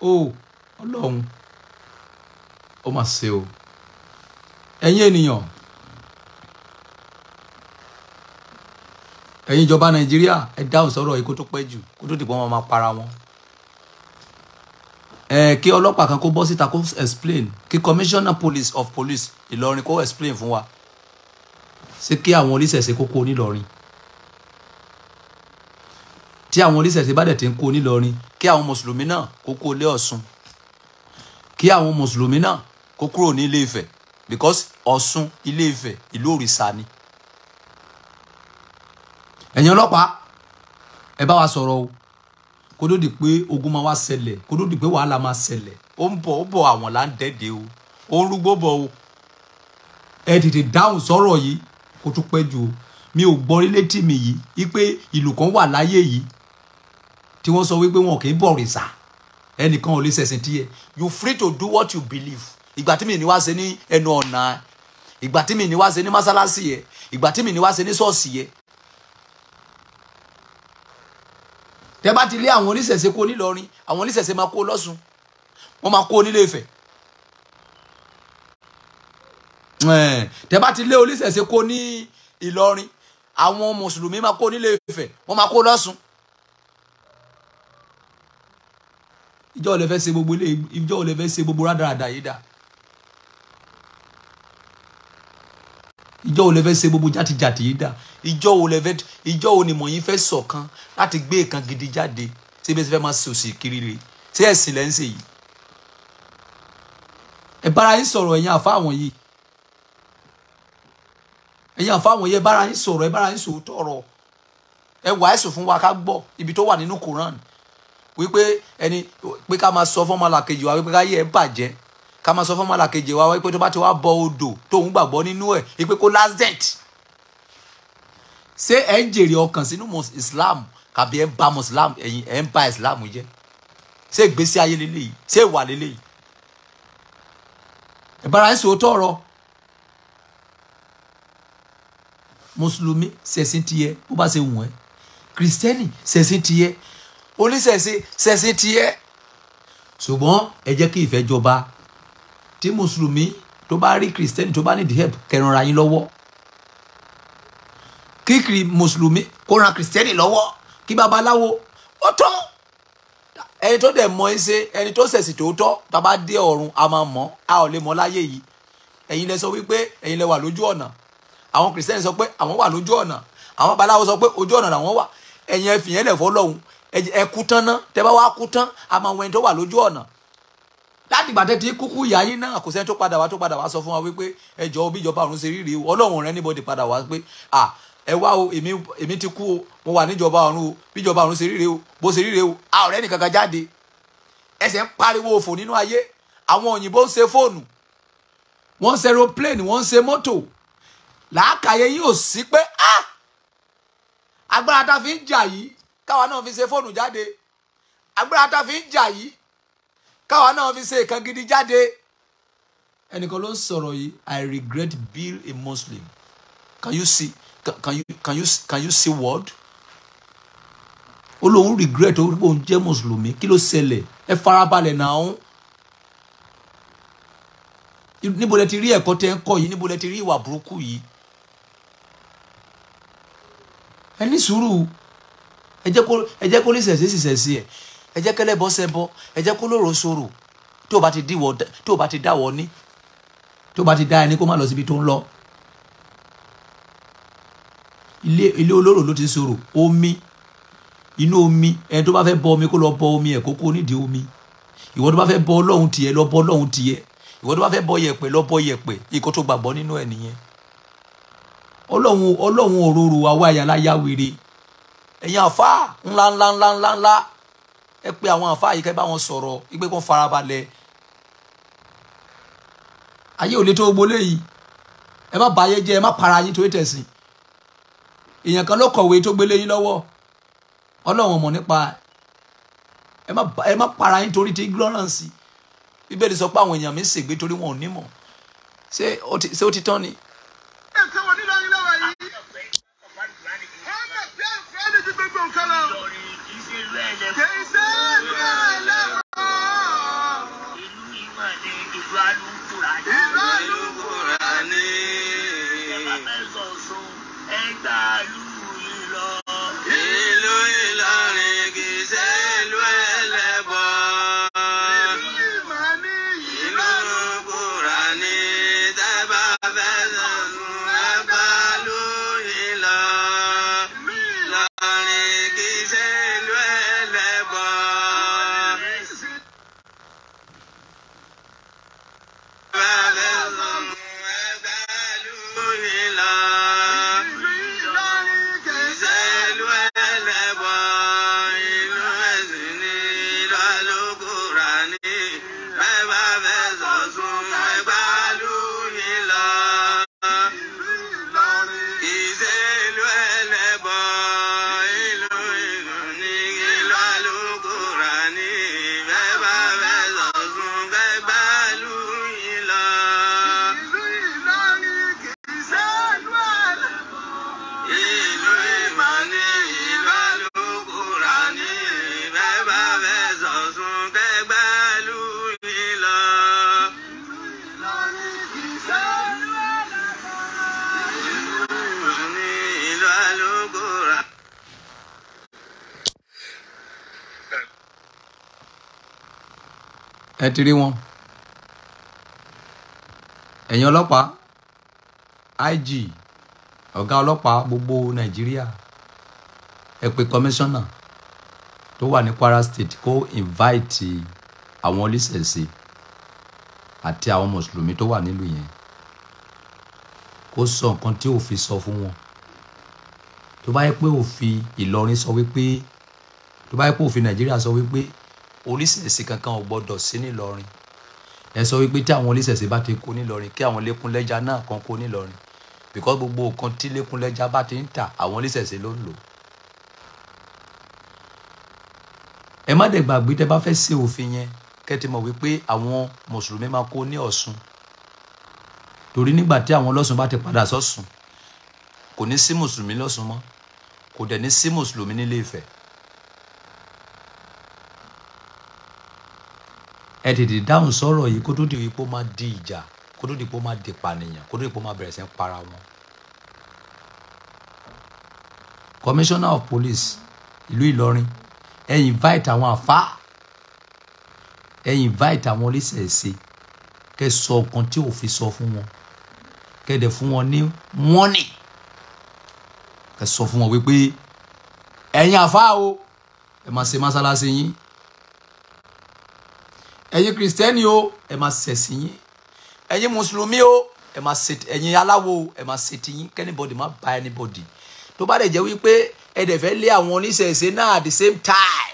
o Ọlọ́run ó mà ṣe o ẹ̀yin ènìyàn ẹ̀yin ìjọba nàìjíríà ẹ dáhùn sọ̀rọ̀ yìí kó tó pẹ́ jù kó tó dìbò wọn máa para wọn. ẹ kí ọlọ́pàá kan kó bọ́ síta kó explain kí commissioner police of police ìlọrin kó explain fún wa ṣé kí àwọn oníṣẹ̀ṣe kó kó onílọrin tí àwọn oníṣẹ̀ṣe bá dẹ̀ ti ń kó onílọrin kí àwọn mùsùlùmí náà kó kó lé ọ̀ṣun kí àwọn mùsùlùmí náà kó kúrò ní ilé Ifẹ̀ because ọ̀ṣun ilé Ifẹ̀ ìlú òrìṣà ni ẹ̀yin ọlọ́pàá ẹ bá wa sọ̀rọ̀ o kó tó di pé ogun máa wá ṣẹlẹ̀ kó tó di pé wàhálà máa ṣẹlẹ̀ ó ń bọ̀ ó bọ̀ àwọn là ń dẹ́dẹ̀ o ó ń rúgbó bọ̀ o ẹ tètè dáhùn sọ̀rọ̀ yìí kó tó pẹ́ jù o mi ò gbọ́ létí mi yìí wípé ìlú kan wà láyé yìí tí wọ́n sọ wípé wọn kì í bọ̀rìṣà ẹnìkan ò lè ṣẹ̀sìn tiẹ̀ you free to do what you believe ìgbà tí mi ni wá ṣe ní ẹnu ọ̀nà ìgbà tí mi ni wá ṣe ní mọ́sálásì yẹ ìgbà tí mi ni wá ṣe ní ṣọ́ọ̀ṣì yẹ tẹ́ bá ti lé àwọn oníṣẹ̀ṣe kó nílọrin àwọn oníṣẹ̀ṣe máa kó lọ́sùn wọ́n máa kó nílé Ifẹ̀ tẹ́ bá ti lé oníṣẹ̀ṣe kó ní Ìlọrin àwọn mùsùlùmí máa kó nílé Ifẹ̀ wọ́n máa kó lọ́sùn. ìjọ ò lè fẹ́ ṣe gbogbo ilé ìjọ ò lè fẹ́ ṣe gbogbo rádaràdà yìí dà ìjọ ò lè fẹ́ ṣe gbogbo jàtìjàtì yìí dà ìjọ wo lẹ fẹ́ ìjọ wo ni mọ̀yìn fẹ́ ṣọ̀kan láti gbé nǹkan gidi jáde ṣé bí ẹ máa sòsì kiri rè ṣé ẹ̀sìn lẹ́ ń ṣe yìí. ẹ bára yín sọ̀rọ̀ ẹ̀yin àfa àwọn yìí ẹ̀yin àfa àwọn yìí ẹ bára yín sọ̀rọ̀ ẹ bára yín sòótọ́ ọ̀rọ̀ ẹ wà ẹ̀sùn fún wa ká gbọ́ ibi tó wà nínú Quran wípé ẹni pé ká máa sọ fún ọmọlàkejì wa wípé ká yẹ ẹ bàjẹ́ ká máa sọ fún ọmọlàkejì wa wípé tó bá ti wá bọ odò tóun gbàgbọ́ nínú ẹ̀ wípé kó lazet ṣé ẹ ń jèrè ọkàn sínú islam kàbí ẹ ń ba muslim ẹ̀yin ẹ ń ba islam jẹ́ ṣé ìgbésí ayé lélẹ́yìí ṣé ìwà lélẹ́yìí ìbára ẹ̀ sòótọ́ ọ̀rọ̀ mùsùlùmí ṣẹ̀sìn tiẹ̀ bó bá ṣe wù ẹ́ kìrìsìtẹ́nì ṣẹ̀sìn tiẹ̀ oníṣẹ̀sìn ṣẹ̀sìn tiẹ̀ ṣùgbọ́n ẹ jẹ́ kí ìfẹ́ jọba tí mùsùlùmí tó bá rí kìrìsìtẹ́nì tó bá need help kẹrànra yín lọ́wọ́ kíkiri mùsùlùmí kó ran kìrìsìtẹ́nì lọ́wọ́ kí babaláwo ó tọ́ ẹni tó dẹ̀ mọ ẹsẹ̀ ẹni tó ṣẹ̀sì tòótọ́ tá a bá dé ọ̀run a máa mọ̀ a ò lè mọ̀ láyé yìí ẹ̀yin lẹ sọ wípé ẹ̀yin lẹ wà lójú ọ̀nà àwọn kìrìsìtẹ́nì sọ pé àwọn wà lójú ọ̀nà àwọn babaláwo sọ pé ojú ọ̀nà làwọn wà ẹ̀yin ẹ fìyẹn lẹ̀ fọlọ́hún ẹ kú tán ná tẹ bá wá kú tán a máa wẹni tó wà lójú ọ̀nà láti gbàtẹ́ tí kúkú ìyá náà kò sẹ́ni tó padà wá tó padà wá sọ fún wa wípé ẹjọ́ bí ìjọba ọ̀run ṣe rí rèé ọlọ́run rẹ níbọ̀dì padà wá pé ah ẹ wá o èmi èmi ti kú o mo wà níjọba ọ̀run o bíjọba ọ̀run ṣe ríre o bó ṣe ríre o a ọ̀rẹ́ nìkan jáde ẹsẹ̀ ń pariwo òfò nínú ayé àwọn òyìnbó ń ṣe fóònù wọ́n ń ṣe aeroplane wọ́n ń ṣe mọ́tò làákàyè yìí ò sí pé a agbára tá fi ń jà yìí káwa náà fi ṣe fóònù jáde agbára tá fi ń jà yìí káwa náà fi ṣe ìkan gidi jáde ẹnìkan ló ń sọ̀rọ̀ yìí I regret being a Muslim can you see can, you can you can you see word ó lóun regret ó rí pé òun jẹ́ mùsùlùmí kí ló ṣẹlẹ̀ ẹ farabalẹ̀ náà níbo lẹ ti rí ẹ̀kọ́ tẹ́ ń kọ́ yìí níbo lẹ ti rí ìwà burúkú yìí ẹ ní sùúrù ẹ jẹ́ kó ní sẹ̀sẹ̀ sì sẹ̀sẹ̀ ẹ̀ ẹ jẹ́ kẹ́lẹ́ bọ́ sẹ́ bọ́ ẹ jẹ́ kó lóró sòrò tó o bá ti dáwọ́ ní tó o bá ti dá ẹni kó má lọ síbi tó ń lọ ilé ilé olóró ló ti sọ̀rọ̀ omi inú omi ẹni tó bá fẹ́ bọ omi kó lọ bọ omi ẹ̀ kókó nídìí omi ìwọ tó bá fẹ́ bọ ọlọ́run tiẹ̀ lọ bọ ọlọ́run tiẹ̀ ìwọ tó bá fẹ́ bọ yẹ̀pẹ̀ lọ bọ yẹ̀pẹ̀ ikọ́ tó gbàgbọ́ nínú ẹ̀ nìyẹn ọlọ́run ọlọ́run òróró àwa àyàláyà wèrè ẹ̀yin àfa ńlá ńlá ńlá ńlá ńlá ẹ pé àwọn àfa yìí kẹ́ bá wọn sọ̀rọ̀ ìgbé kan farabalẹ̀ ayé ò lè tó gbólé yìí ẹ má bàyé jẹ́ ẹ má para yín torí tẹ̀sìn èèyàn kan ló kọ̀wé tó gbélé yín lọ́wọ́ ọlọ́run ọmọ nípa ẹ má para yín torí ti ignorance bíbélì sọ pé àwọn èèyàn mi ṣègbé torí wọn ò nímọ̀ ṣé ó ti tán ni. ẹ ti rí wọn ẹ̀yin ọlọ́pàá IG ọ̀gá ọlọ́pàá gbogbo Nàìjíríà ẹ pè kọmíṣánná tó wà ní Kwara State kó invite àwọn oníṣẹ̀ṣe àti àwọn mùsùlùmí tó wà nílùú yẹn kó sọ nǹkan tí òfin sọ fún wọn tó bá yẹ pé òfin Ìlọrin sọ wípé tó bá yẹ pé òfin Nàìjíríà sọ wípé oníṣẹ̀ṣe kankan ò gbọ́dọ̀ sí nílọrin ẹ sọ wípé tí àwọn oníṣẹ̀ṣe bá ti kó nílọrin kí àwọn lẹ́kúnlẹ́jà náà kan kó nílọrin because gbogbo nǹkan tí lẹ́kúnlẹ́jà bá ti ń tà àwọn oníṣẹ̀ṣe ló ń lò. ẹ má dẹ̀ gbàgbé tẹ́ bá fẹ́ ṣe òfin yẹn kẹ́ ti mọ̀ wípé àwọn mùsùlùmí máa kó ní ọ̀ṣun torí nígbà tí àwọn lọ́ṣun bá ti padà sọ́ṣun kò ní sí mùsùlùmí lọ́ṣun mọ́ kò dẹ̀ ní sí mùsùlùmí nílé Ifẹ̀ ẹ tètè dáhùn sọ̀rọ̀ yìí kó tó di ipò máa di ìjà kó tó di ipò máa di pànìyàn kó tó di ipò máa bẹ̀rẹ̀ sí para wọn. commissioner of police ìlú Ìlọrin ẹ invite àwọn àfáà ẹ invite àwọn oníṣẹ̀ṣe kẹ sọ nǹkan tí òfin sọ fún wọn kẹ dẹ̀ fún wọn ní warning kẹ sọ fún wọn wípé ẹ̀yin àfáà o ẹ máa ṣe mọ́ṣáláṣí yín ẹ̀yin kristẹni o ẹ máa ṣẹ̀sìn yín ẹ̀yin mùsùlùmí o ẹ máa ṣe ẹ̀yin aláwo ẹ máa ṣe tiyín kẹ́nìbọ̀dì má ba ẹnìbọ̀dì tó bá dẹ̀ jẹ́ wípé ẹ dẹ̀ fẹ́ lé àwọn oníṣẹ̀ṣe náà at the same time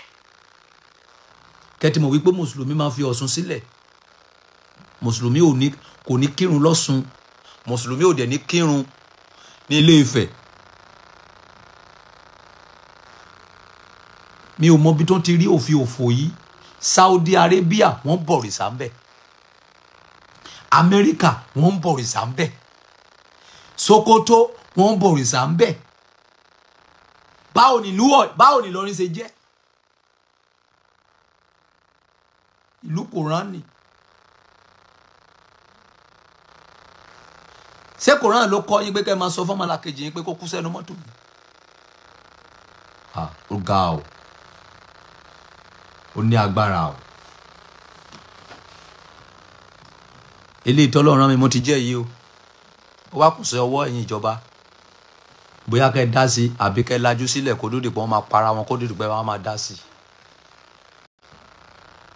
kẹ́tì mọ̀ wípé mùsùlùmí máa fi Ọ̀ṣun sílẹ̀ mùsùlùmí ò ní kò ní kírun lọ́ṣun mùsùlùmí ò dẹ̀ ní kírun ní Ilé Ifẹ̀ mi ò mọ bí tó ti rí òfin òfò yìí Saudi Arabia wọ́n bọ̀rìṣà ń bẹ̀ Amẹ́ríkà wọ́n bọ̀rìṣà ń bẹ̀ Sokoto wọ́n bọ̀rìṣà ń bẹ̀ báwo ni lúwọ̀ báwo ni Ìlọrin ṣe jẹ́ ìlú Kùránì ṣé Kùránì ló kọ́ yín pé kẹ́ ẹ máa sọ fún ọmọlàkejì yín pé kó kú sẹ́nu mọ́tò yìí. ó ga o ó ní agbára o eléyìí tọ́lọ́run rán mi mo ti jẹ́ yìí o ó wá kù sí ọwọ́ ẹ̀yin ìjọba bóyá kẹ́ dá sí àbí kẹ́ lajú sílẹ̀ kó dúdú pé wọ́n máa para wọn kó dúdú pé wọ́n máa dá sí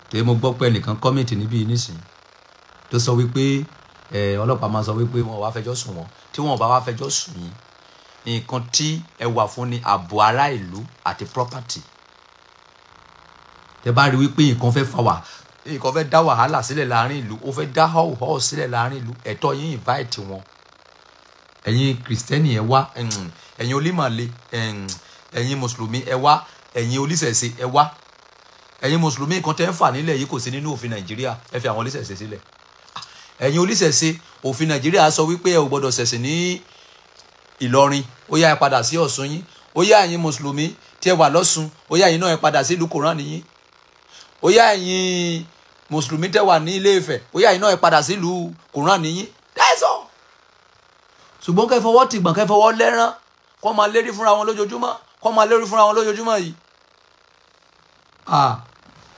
i tèmi mo gbọ́ pé ẹnìkan kọ́mìtì níbí nísìnyí tó sọ wípé ọlọ́pàá máa sọ wípé wọn ò wá fẹjọ́ sùn wọn tí wọn ò bá wá fẹjọ́ sùn yín nǹkan tí ẹ wà fún ni ààbò ará ìlú àti property tẹ́ bá rí wípé nǹkan fẹ́ fa wà nǹkan fẹ́ dá wàhálà sílẹ̀ láàrin ìlú ó fẹ́ dá họ́ọ̀họ́ sílẹ̀ láàrin ìlú ẹ̀tọ́ yín invite wọn ẹ̀yin kìrìsìtẹ́nì ẹ wá ẹ̀yin onímọ̀le ẹ̀yin mùsùlùmí ẹ wá ẹ̀yin oníṣẹ̀ṣe ẹ wá ẹ̀yin mùsùlùmí nǹkan tẹ́ ń fà nílẹ̀ yìí kò sí nínú òfin nàìjíríà ẹ fi àwọn oníṣẹ̀ṣe sílẹ̀ ẹ̀yin oníṣẹ̀ṣe òfin nàìjíríà sọ wípé ẹ ò gbọ́dọ̀ ṣẹ̀ṣẹ̀ ní ìlọrin ó yá ẹ padà sí ọ̀ṣun yín ó yá ẹ̀yin mùsùlùmí tí ẹ wà lọ́ṣun ó yá ẹ̀yin náà ẹ padà sí ìlú kòrán nìyín ó yá ẹ̀yin mùsùlùmí tẹ́ wà ní ilé Ifẹ̀ ó yá ẹ̀yin náà ẹ padà sílùú kùrán nìyí dẹ́sọ̀ ṣùgbọ́n kẹ́ fọwọ́ tìgbọ̀n kẹ́ fọwọ́ lẹ́rán kọ́ máa lérí fúnra wọn lójoojúmọ́ kọ́ máa lérí fúnra wọn lójoojúmọ́ yìí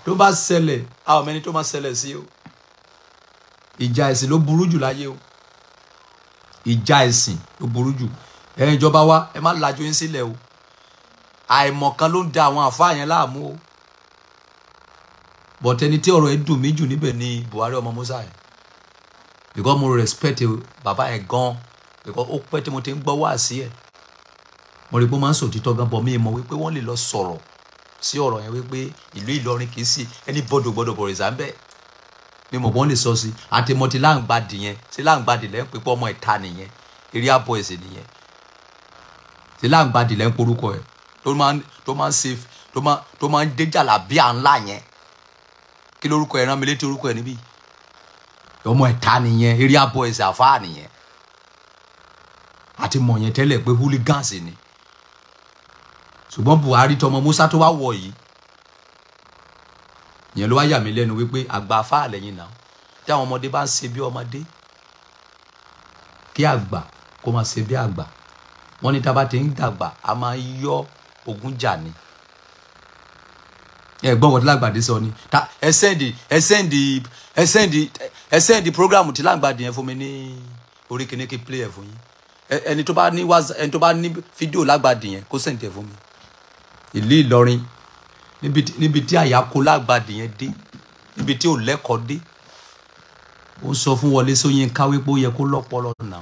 tó bá ṣẹlẹ̀ a ò mẹ́ni tó máa ṣẹlẹ̀ sí o ìjà ẹ̀sìn ló burú jù láyé o ìjà ẹ̀sìn ló burú jù ẹ̀yin ìjọba wa ẹ má lajú yín sílẹ̀ o àìmọ̀kan ló ń da àwọn àfáà yẹn láàmú o but ẹni tí ọ̀rọ̀ ẹ̀ dùn mí jù níbẹ̀ ni Buhari ọmọ Musa yẹn because mo respect Baba yẹn gan because ó pẹ́ tí mo ti ń gbọ́ wá sí ẹ̀ mo rí i pé ó máa ń sòtítọ́ gan bọ̀ mí mọ̀ wípé wọ́n lè lọ sọ̀rọ̀ sí ọ̀rọ̀ yẹn wípé ìlú Ìlọrin kì í sí ẹni bọ́dọ̀ gbọ́dọ̀ bọ̀rẹ̀ sáńbẹ́ mi mọ̀ wọ́n lè sọ sí àti mo ti láǹgbàdì yẹn sí láǹgbàdì lẹ́yìn pé ọmọ ìta nìyẹn area boys nìyẹn sí láǹgbàdì lẹ́yìn porúkọ ẹ̀ tó máa ń ṣe tó máa ń déjà làbíà ńlá yẹn kí lorúkọ ẹ rán mi létí orúkọ ẹ níbí ọmọ ẹ̀ta nìyẹn area boys àfáà nìyẹn àti mọ̀ yẹn tẹ́lẹ̀ pé hooligans ni ṣùgbọ́n Buhari tọmọ Musa tó wá wọ̀ yìí yẹn ló wá yà mí lẹ́nu wípé àgbà àfáà lẹ́yìn náà tí ọmọdé bá ń ṣe bí ọmọdé kí àgbà kó máa ṣe bí àgbà wọ́n ní tá a bá ti ń dàgbà a máa yọ ogun jà ni ẹ̀gbọ́n wọn tí Lágbàdé sọ ni ta ẹ sẹ́ndì ẹ sẹ́ndì ẹ sẹ́ndì ẹ sẹ́ndì programu tí Lágbàdé yẹn fún mi ní orí kìíní play ẹ̀ fún yín ẹni tó bá ní whatsapp ẹni tó bá ní fídíò Lágbàdé yẹn kó sẹ́ndì ẹ̀ fún mi. ìlú Ìlọrin níbi tí àyàkó Lágbàdé yẹn dé níbi tí ò lẹ́kọ̀ọ́ dé ó sọ fún Wọlé Ṣóyínká wípé ó yẹ kó lọ́pọlọ náà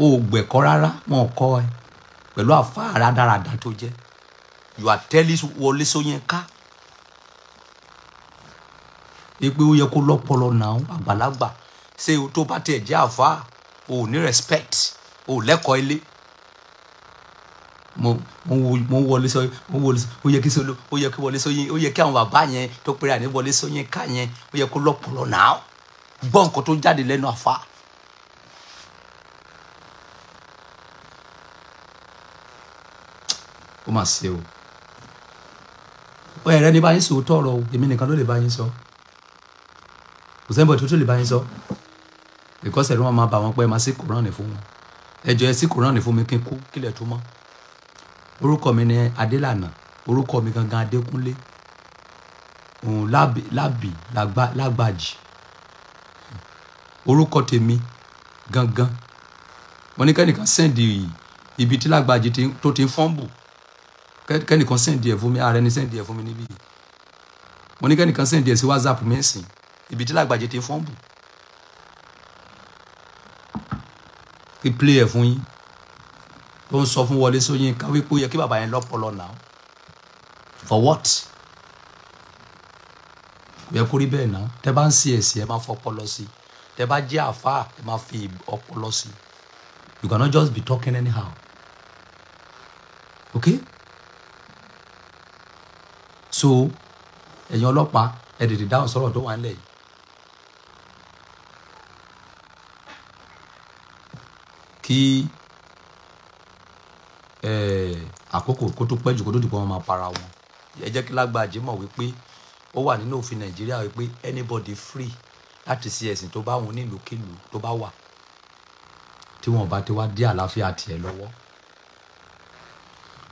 ó gbẹ̀kọ́ rárá wọn kọ́ ẹ pẹ̀lú àfa àràdáradà tó jẹ́ you are telling Wọlé Ṣóyínká pé ó yẹ kó lọ́pọlọ náà àgbàlagbà ṣé o tó bá tiẹ̀ jẹ́ àfa o ò ní respect o ò lẹ́kọ̀ọ́ ilé mo mo Wọlé Ṣóyínká mo Wọlé ó yẹ kí solo ó yẹ kí Wọlé Ṣóyínká ó yẹ kí àwọn bàbá yẹn tó pèrè àní Wọlé Ṣóyínká yẹn ó yẹ kó lọ́pọlọ náà gbọ́ nǹkan tó jáde lẹ́nu àfa. ó mà ṣe o ẹ̀rẹ́ ni bá yín sòótọ́ o èmi nìkan ló lè bá yín sọ kò sẹ́ńbọ̀ tó tó lè bá yín sọ because ẹ̀rọ wọn máa bà wọ́n pé ẹ máa sí kùránì fún wọn ẹjọ́ ẹ sí kùránì fún mi kí n kú kílẹ̀ tó mọ́ orúkọ mi ni adélànà orúkọ mi gangan adékúnlé òun lábì lábì lágbàjì orúkọ tèmi gangan mo ní kẹ́nìkan sẹ́ǹdì ibi tí lágbàjì tó ti ń fọ́ǹbù kẹ́nìkan sẹ́ǹdì ẹ̀ fún mi ààrẹ ni sẹ́ǹdì ẹ̀ fún mi níbí yìí mo ní kẹ́nìkan sẹ́ǹdì ẹ̀ sí whatsapp mi sìn ibi tí làgbàjẹ ti fọ́ǹbù kí play ẹ̀ fún yín tó ń sọ fún Wọlé Ṣóyínká wípé ó yẹ kí bàbá yẹn lọ́pọlọ náà for what kò yẹ kó rí bẹ́ẹ̀ náà tẹ́ bá ń sí ẹ̀sìn ẹ máa fọ ọpọlọ sí tẹ́ bá jẹ́ àfáà ẹ máa fi ọpọlọ sí you cannot just be talking anyhow okay so ẹ̀yin ọlọ́pàá ẹ tètè dáhùn sọ̀rọ̀ tó wà nílẹ̀ yìí. kí àkókò kó tó pẹ́ jù kó tó dìbò wọn máa para wọn ẹ jẹ́ kí lágbàjẹ́ mọ̀ wípé ó wà nínú òfin nàìjíríà wípé anybody free láti ṣe ẹ̀sìn tó bá wọn nílùkulù tó bá wà tí wọn bá ti wá dé àlàáfíà tiẹ̀ lọ́wọ́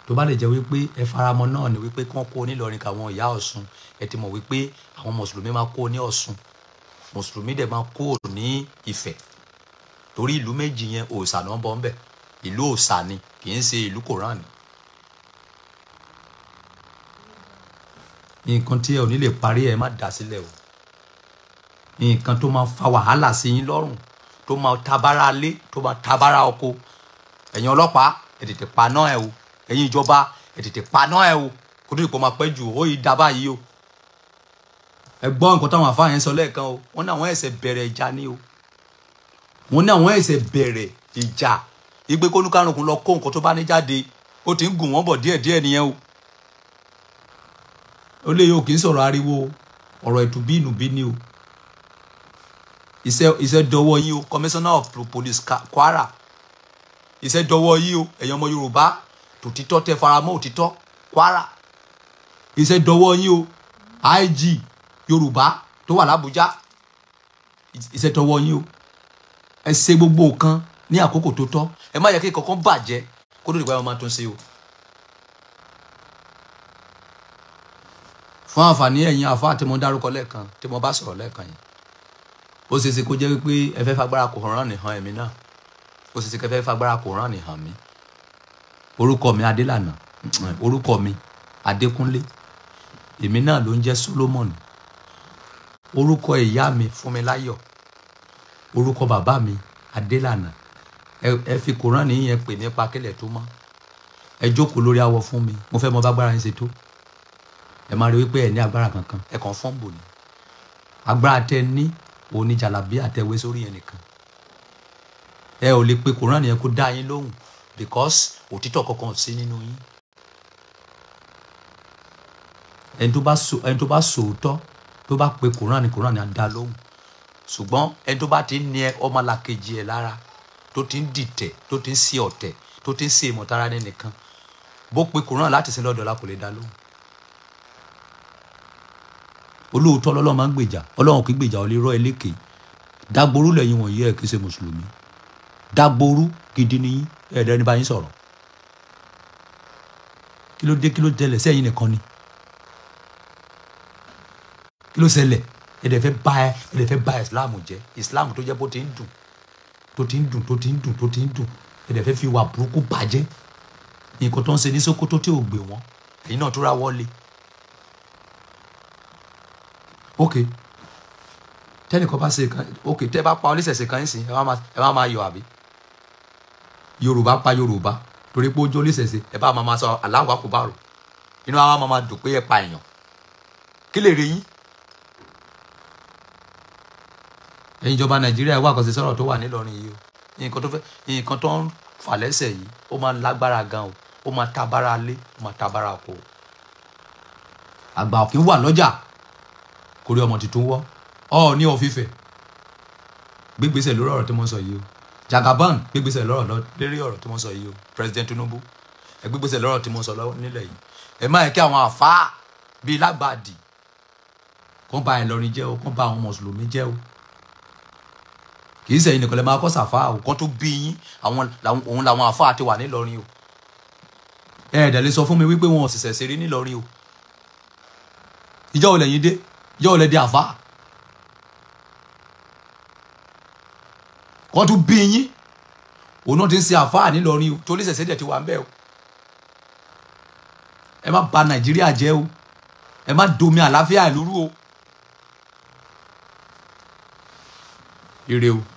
tó bá lè jẹ́ wípé ẹ faramọ́ náà ni wípé kán kó nílọrin káwọn ìyá ọ̀ṣun ẹ ti mọ̀ wípé àwọn mùsùlùmí máa kó ní ọ̀ṣun mùsùlùmí dẹ̀ máa kó ní ìfẹ́ torí ìlú méjì yẹn òòṣà náà bọ́ ń bẹ̀ ìlú òòṣà ni kì í ṣe ìlú koran ni. nǹkan tí ẹ ò ní lè parí ẹ má dá sílẹ̀ o nǹkan tó máa fa wàhálà sí yín lọ́rùn tó máa tabara lé tó máa tabara oko ẹ̀yin ọlọ́pàá ẹ̀ tètè pa náà ẹ o ẹ̀yin ìjọba ẹ̀ tètè paná ẹ̀ o kó tó ìpọ́ máa pẹ́ jù ó yìí o ẹ gbọ́ nǹkan táwọn àfáà yẹn sọ lẹ́ẹ̀kan o wọ́n ní àwọn ẹ̀sẹ̀ bẹ̀rẹ̀ ìjà ni o wọ́n ní àwọn ẹ̀sẹ̀ bẹ̀rẹ̀ ìjà igbe kónúkárùnkùn lọ kó nǹkan tó bá ní jáde ó ti ń gùn wọ́n bọ̀ díẹ̀díẹ̀ nìyẹn o ó lè yóò kì í sọ̀rọ̀ ariwo ọ̀rọ̀ ìtùbí ìnùbí ni o iṣẹ́ iṣẹ́ dọwọ́ yín o commissioner of police Kwara iṣẹ́ dọwọ́ yín o ẹ̀yin ọmọ Yorùbá tòtítọ́ tẹ faramọ́ òtítọ́ Kwara iṣẹ́ dọwọ́ yín o IG Yorùbá tó wà l'Abuja iṣẹ́ dọwọ́ yín o ẹ ṣe gbogbo nǹkan ní àkókò tó tọ́ ẹ má yẹ kí kankan bàjẹ́ kó lóde ìgbà máa tún ṣe o. fún àǹfààní ẹ̀yin àfa tí mo dárúkọ lẹ́ẹ̀kan tí mo bá sọ̀rọ̀ lẹ́ẹ̀kan yìí ó ṣeé ṣe kó jẹ́ pé ẹ fẹ́ fagbára kò hàn ní hàn ẹ̀mí náà ó ṣeé ṣe kẹ́ fagbára kò hàn ní hàn mí orúkọ mi adélànà (tsk) orúkọ mi adékúnlé èmi náà ló ń jẹ́ solomon orúkọ ìyá mi fúnmiláyọ̀ orúkọ bàbá mi adélànà ẹ fi kòrán nìyẹn pè nípa kẹlẹ̀ tó mọ́ ẹ jókòó lórí awọ fún mi mo fẹ́ mọ bágbára yín ṣe tó ẹ máa rí wípé ẹ ní agbára kankan ẹ kàn fọ́n bò ní agbára tẹ ní òun ni jàlábí àtẹwé sórí yẹn nìkan ẹ ò lè pe kòrán nìyẹn kó dá yín lóhùn because òtítọ́ kankan ò sí nínú yín ẹni tó bá sọ ẹni tó bá sọ òótọ́ tó bá pe kùránì kùránì á dá lóhùn ṣùgbọ́n ẹni tó bá ti ń ní ọmọlàkejì ẹ̀ lára tó ti ń dìtẹ̀ tó ti ń ṣe ọ̀tẹ̀ tó ti ń ṣe ìmọ̀tara nìkan bó pe kùránì láti sin lọ́dọ̀ kò lè dá lóhùn olóòótọ́ lọ́lọ́run máa ń gbèjà ọlọ́run kì í gbèjà ọ lè rọ́ ẹlẹ́kẹ̀ẹ́ dagboru lẹ́yìn wọ̀nyí ẹ̀ kì í ṣe mùsùlùmí dagboru gidi nìyí ẹ̀ẹ́dẹ́ni bá yín sọ̀rọ̀ kí ló dé kí ló tẹlẹ̀ sẹ́yìn nìkan ni kí ló ṣẹlẹ̀ ẹ̀dẹ̀ fẹ́ bà ẹ̀dẹ̀ fẹ́ bà islam jẹ́ islam tó jẹ́ bó ti ń dùn tó ti ń dùn tó ti ń dùn tó ti ń dùn ẹ̀dẹ̀ fẹ́ fi wà burúkú bàjẹ́ nǹkan tó ń ṣe ní Sókótó tí ò gbé wọn ẹ̀yin náà tó ra wọlé ok tẹ́nìkan bá ṣe kan ok tẹ́ bá pa ọ́ lẹ́sẹ̀ ṣe kan yín sìn ẹ má máa yọ̀ àbí yorùbá pa yorùbá torí pé ojú oníṣẹ̀ṣe ẹ bá máa sọ aláwọ̀ àkùbárò inú àwọn máa dùn pé ẹ pa èèyàn kí lè rí yín. ẹ̀yin ìjọba nàìjíríà wà kọsí sọ̀rọ̀ tó wà nílọrin yìí o nǹkan tó fẹ́ nǹkan tó ń fà lẹ́sẹ̀ yìí ó máa ń lágbára gan o ó máa tabara lé ó máa tabara kó o. àgbà òkè wà lọ́jà kórè ọmọ tuntun wọ́ ọ ní ọ̀fífẹ́ gbégbèsè lórí ọ̀rọ̀ tí mo ń sọ yìí o jagaban gbégbèsè lọ́rọ̀ lọ lérí ọ̀rọ̀ tí mo sọ yìí o president tinubu ẹ gbégbèsè lọ́rọ̀ tí mo sọ nílẹ̀ yìí ẹ má yẹ kí àwọn àfáà bíi lágbàdì kó bà ìlọrin jẹ́ o kó bà àwọn mùsùlùmí jẹ́ o kì í sẹ́yìn nìkan lè máa kọ́ sàfáà o kó tó bí yín òun làwọn àfáà ti wà nílọrin o ẹ ẹ̀dẹ̀ lè sọ fún mi wípé wọn ò ṣẹ̀ṣẹ̀ ṣeré nílọrin o ìjọ́ ò lẹ́yìn dé ìjọ́ ò lẹ́ dé àfáà wọ́n tún bí yín òun náà ti ń ṣe àfáà nílọrin o torí ṣẹ̀ṣẹ̀ dẹ̀ ti wà ń bẹ̀ o ẹ má bà nàìjíríà jẹ́ o ẹ má domi àlàáfíà ìlú rú o ire o.